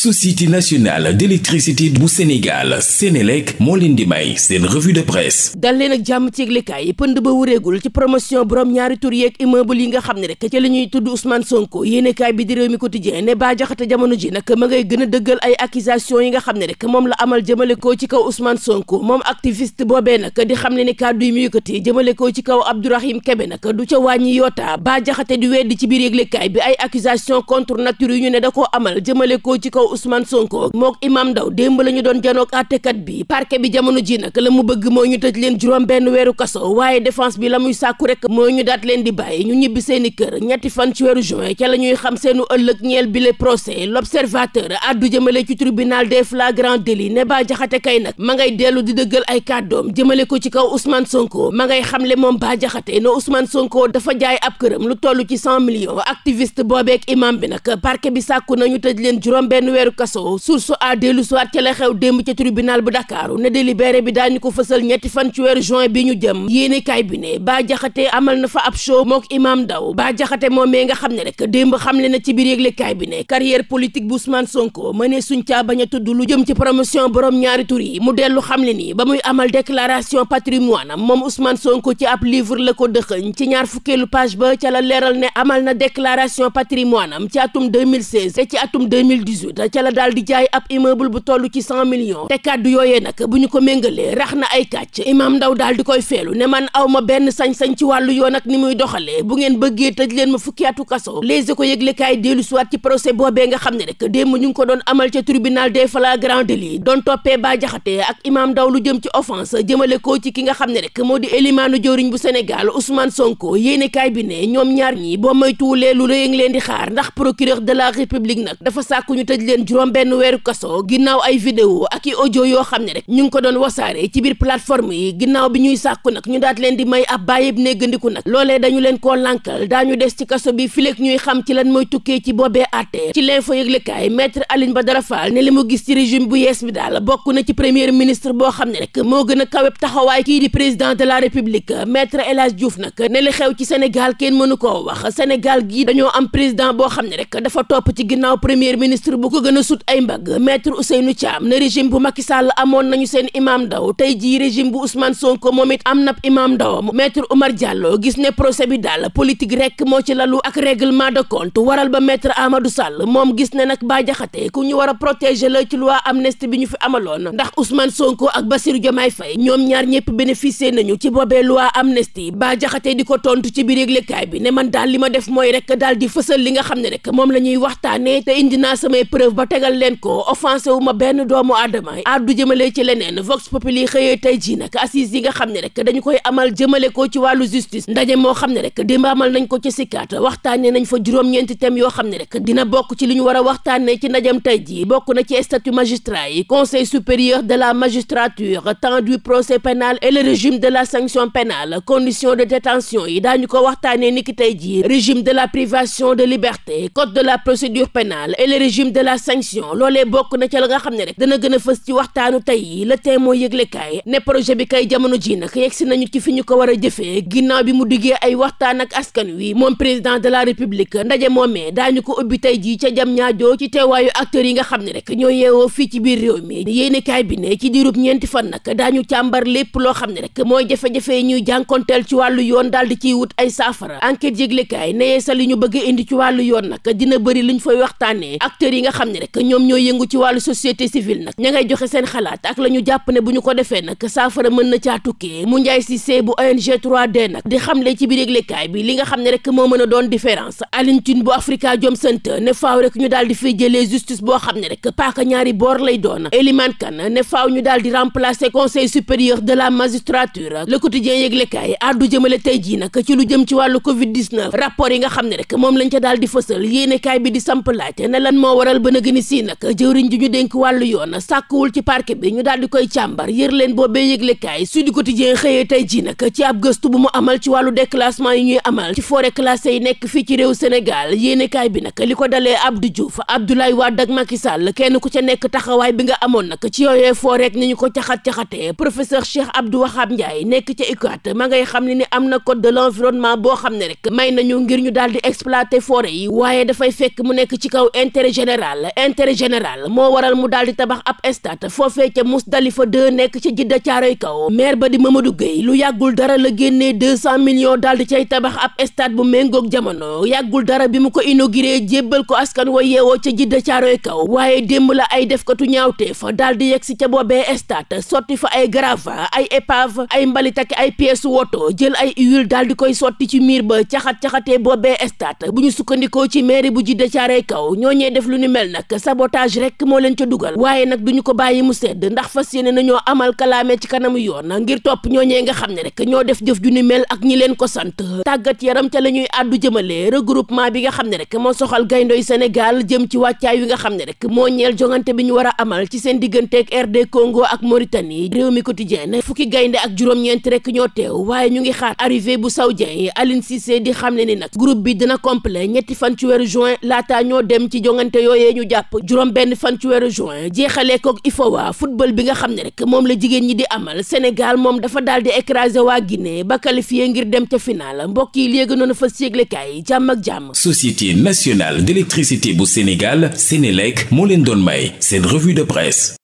société nationale d'électricité bu Sénégal Sénélec moo leen di may seen revue de presse dal leen ak jàmm ci yëglekaay yi pënd ba wuréegul ci promotion borom ñaari tur yeeg immeuble yi nga xam ne rek ca la ñuy tudd Ousmane Sonko yéenekaay bi di réew mi quotidien ne Bah Diakhaté jamono ji nag ma ngay gën dëggal ay accusation yi nga xam ne rek moom la amal jëmale ko ci kaw Ousmane Sonko moom activiste boobee nag di xam ne ni kàddu yi mu ko ci kaw Abdourahim Kébé nag du ko ci kaw Ousmane Sonko mook imam Ndaw démb la ñu doon janook àttekat bi parquet bi jamono ji nag la mu bëgg moo ñu tëj leen juróom benn weeru kaso waaye défense bi la muy sàkku rek moo ñu daat leen di bàyyi ñu ñibbi seeni kër ñetti fan ci weeru juin ca la ñuy xam seenu ëllëg ñeel bi le procès l'observateur addu jëmale ci tribunal des flagrants délits ne Bah Diakhaté kay nag ma ngay dellu di dëggal ay kàddoom jëmale ko ci kaw Ousmane Sonko ma ngay xamle moom Bah Diakhaté ne Ousmane Sonko dafa jaay ab këram lu toll ci cent millions activiste boobeek imam bi nag parquet bi sàkku nañu tëj leen juróom benn weeru kaso source a dellu siwaat ca la xew démb ca tribunal bu Dakar ne délibéré bi daañu ko fësal ñetti fan ci weeru juin bi ñu jëm yéenekaay bi ne Bah Diakhaté amal na fa ab show mook Imam Ndaw Bah Diakhaté moom mee nga xam ne rek démb xamle na ci biir yëglekaay bi ne carrière politique bu Ousmane Sonko mënee suñ caa bañ a tudd lu jëm ci promotion borom ñaari tur yi mu dellu xamle ni ba muy amal déclaration patrimoine moom Ousmane Sonko ci ab livre la ko dëxëñ ci ñaar fukkeelu page ba ca la ca la daal di jaay ab immeuble bu toll ci cent millions te kàddu yooyee nag bu ñu ko méngalee rax na ay kàcc imaam ndaw daal di koy feelu ne man aw ma benn sañ-sañ ci wàllu yoon ak ni muy doxalee bu ngeen bëggee tëj leen ma fukki atu kaso léegi ko yëglekaay dellu suwaat ci procès boobee nga xam ne rek démb ñu ngi ko doon amal ca tribunal des flagrants délits doon toppee Bah Diakhaté ak imaam ndaw lu jëm ci offense jëmale ko ci ki nga xam ne rek moo di élimaanu jëwriñ bu Sénégal Ousmane Sonko yéenekaay bi ne ñoom ñaar ñi boo moytuwulee lu rëy ngi leen di xaar ndax procureur de la république nag leen juróom benn weeru kaso ginnaaw ay vidéo ak i audio yoo xam ne rek ñu ngi ko doon wasaare ci biir plateforme yi ginnaaw bi ñuy sàkku nag ñu daat leen di may ab bàyyib néggandiku nag loolee dañu leen koo lànkal daañu des ci kaso bi fileeg ñuy xam ci lan mooy tukkee ci boobee àtte ci l'info yëglekaay maître Aline Badara Fall ne li mu gis ci régime bu yees bi daal bokk na ci premier ministre boo xam ne rek moo gën a kaweb taxawaay kii di président de la république maître El Hadj Diouf nag ne li xew ci Sénégal kenn mënu koo wax Sénégal gii dañoo am président boo xam ne rek dafa topp ci ginnaaw premier ministre bu ko gën a sut ay mbagg maître Ousseynou Thiam ne régime bu Macky Sall amoon nañu seen imam ndaw tey jii régime bu Ousmane Sonko moom it am nab imam ndawam maître Oumar Diallo gis ne procès bi daal politique rek moo ci lalu ak règlement de compte waral ba maître Amadou Sall moom gis ne nag Bah Diakhaté ku ñu war a protéger la ci loi amnistie bi ñu fi amaloon ndax Ousmane Sonko ak Bassirou Diomaye Faye ñoom ñaar ñëpp bénéficier nañu ci boobee loi amnistie Bah Diakhaté di ko tontu ci biir yëglekaay bi li ma def li nga xam ne ba tegal leen ko offensé wu ma benn doomu aadama addu jëmale ci leneen vox populi xëyee tey jii nag assise yi nga xam ne rek dañu koy amal jëmale ko ci wàllu justice ndaje moo xam ne rek démb amal nañ ko ci sikkaat waxtaane nañ fa juróom-ñeenti thème yoo xam ne rek dina bokk ci li ñu war a waxtaane ci ndajam tey jii bokk na ci statut magistrat yi conseil supérieur de la magistrature temps du procès pénal et le régime de la sanction pénale conditions de détention yi daañu ko waxtaanee niki tey jii régime de la privation de liberté code la procédure pénale sanction loolee bokk na ca la nga xam ne rek dana gën a fës ci waxtaanu tey yi le temps mooy yëglekaay ne projet bi kay jamono ji nag yegg si nañu ci fi ñu ko war a jëfee ginnaaw bi mu diggee ay waxtaan ak askan wi moom président de la république ndaje moomee daañu ko ubbi tey jii ca jam ñaajoo yi nga xam ne rek ñoo yeewoo fii ci biir réew mi yéenekaay bi ne ci diirub ñeenti fan nag daañu càmbar lépp loo xam ne rek mooy jafe-jafe yi ñuy jànkonteel ci wàllu yoon daal di ciy wut ay saafara enquête yëglekaay ne yeesal li ñu bëgg indi ci wàllu yoon nag dina bëri liñ fay waxtaanee acteurs yi nga xam xam ne rek ñoom ñooy yëngu ci wàllu société civile nag ña joxe seen xalaat ak la ñu bu ñu ko defee nag saafara mën na caa tukkee mu njaay Cissé bu ONG 3D nag di xamle ci biir yëglekaay bi li nga xam ne rek moo mën a doon différence Alioune di boo xam ne rek paaka la magistrature le quotidien yëglekaay addu jëmale tey jii nag ci lu jëm ci wàllu xam ne rek moom lañ ca daal di fësal bi di samp ne lan moo waral bën nëgë ni sii nag jëwriñ ji ñu dénk wàllu yoon sàkkuwul ci parquet bi ñu daal di koy càmbar yër leen boobee yëglekaay Sud Quotidien xëyee tey ji nag ci ab gëstu bu mu amal ci wàllu déclassement yi ñuy amal ci forêt classée yi nekk fii ci réew Sénégal yéenekaay bi nag li ko dalee Abdou Diouf Abdoulaye Wade ak Macky Sall kenn ku ca nekk taxawaay bi nga amoon nag ci yooyee forêt ni ñu ko caxat-caxatee professeur Cheikh Abdou Wahab Ndiaye nekk ca UCAD ma ngay xam ne ni am na code de boo xam ne rek may nañu ngir ñu daal di exploiter forêt yi waaye dafay fekk mu nekk ci kaw intérêt général intérêt général moo waral mu daal di tabax ab stade foofee ca Mousdalifa 2 nekk ci jidda caaroy kaw maire ba di Mamadou Gueye lu yàggul dara la génnee deux cent millions daal di cay tabax ab stade bu méngoog jamono yàggul dara bi mu ko inauguré jébbal ko askan wa yeewoo ca jidda caaroy kaw waaye démb la ay defkatu ñaawtee fa daal di yegg si ca boobe stade sotti fa ay grava ay épave ay mbalit ay pièces woto jël ay huile daal di koy sotti ci miir ba caxat caxatee boobee stade bu ñu sukkandikoo ci maire bu jidda caaroy kaw ñooñee def lu ni mel na nag sabotage rek moo leen ca dugal waaye nag du ñu ko bàyyi mu sedd ndax fas yéene na ñoo amal kalaame ci kanamu yoon ngir topp ñooñee nga xam ne rek ñoo def jëf ju ni mel ak ñi leen ko sant tàggat yaram ca la àddu jëmale regroupement bi nga xam ne rek moo soxal gayndoy Sénégal jëm ci wàccaay wi nga xam ne rek moo ñeel jongante bi ñu war a amal ci seen digganteeg RD Congo ak Mauritanie réew mi quotidien fukki gaynde ak juróom-ñeent rek jàpp juróom benn fan ci weeru juin jeexalee koog ifowa football bi nga xam ne rek moom la jigéen ñi di amal Sénégal moom dafa daal di écraser waa Guinée ba qualifié ngir dem ca final mbokk yi léegi noonu fa séglekaay jàmm ak jàmm. Société nationale d'électricité bu Sénégal Sénélec moo leen doon may seen revue de presse.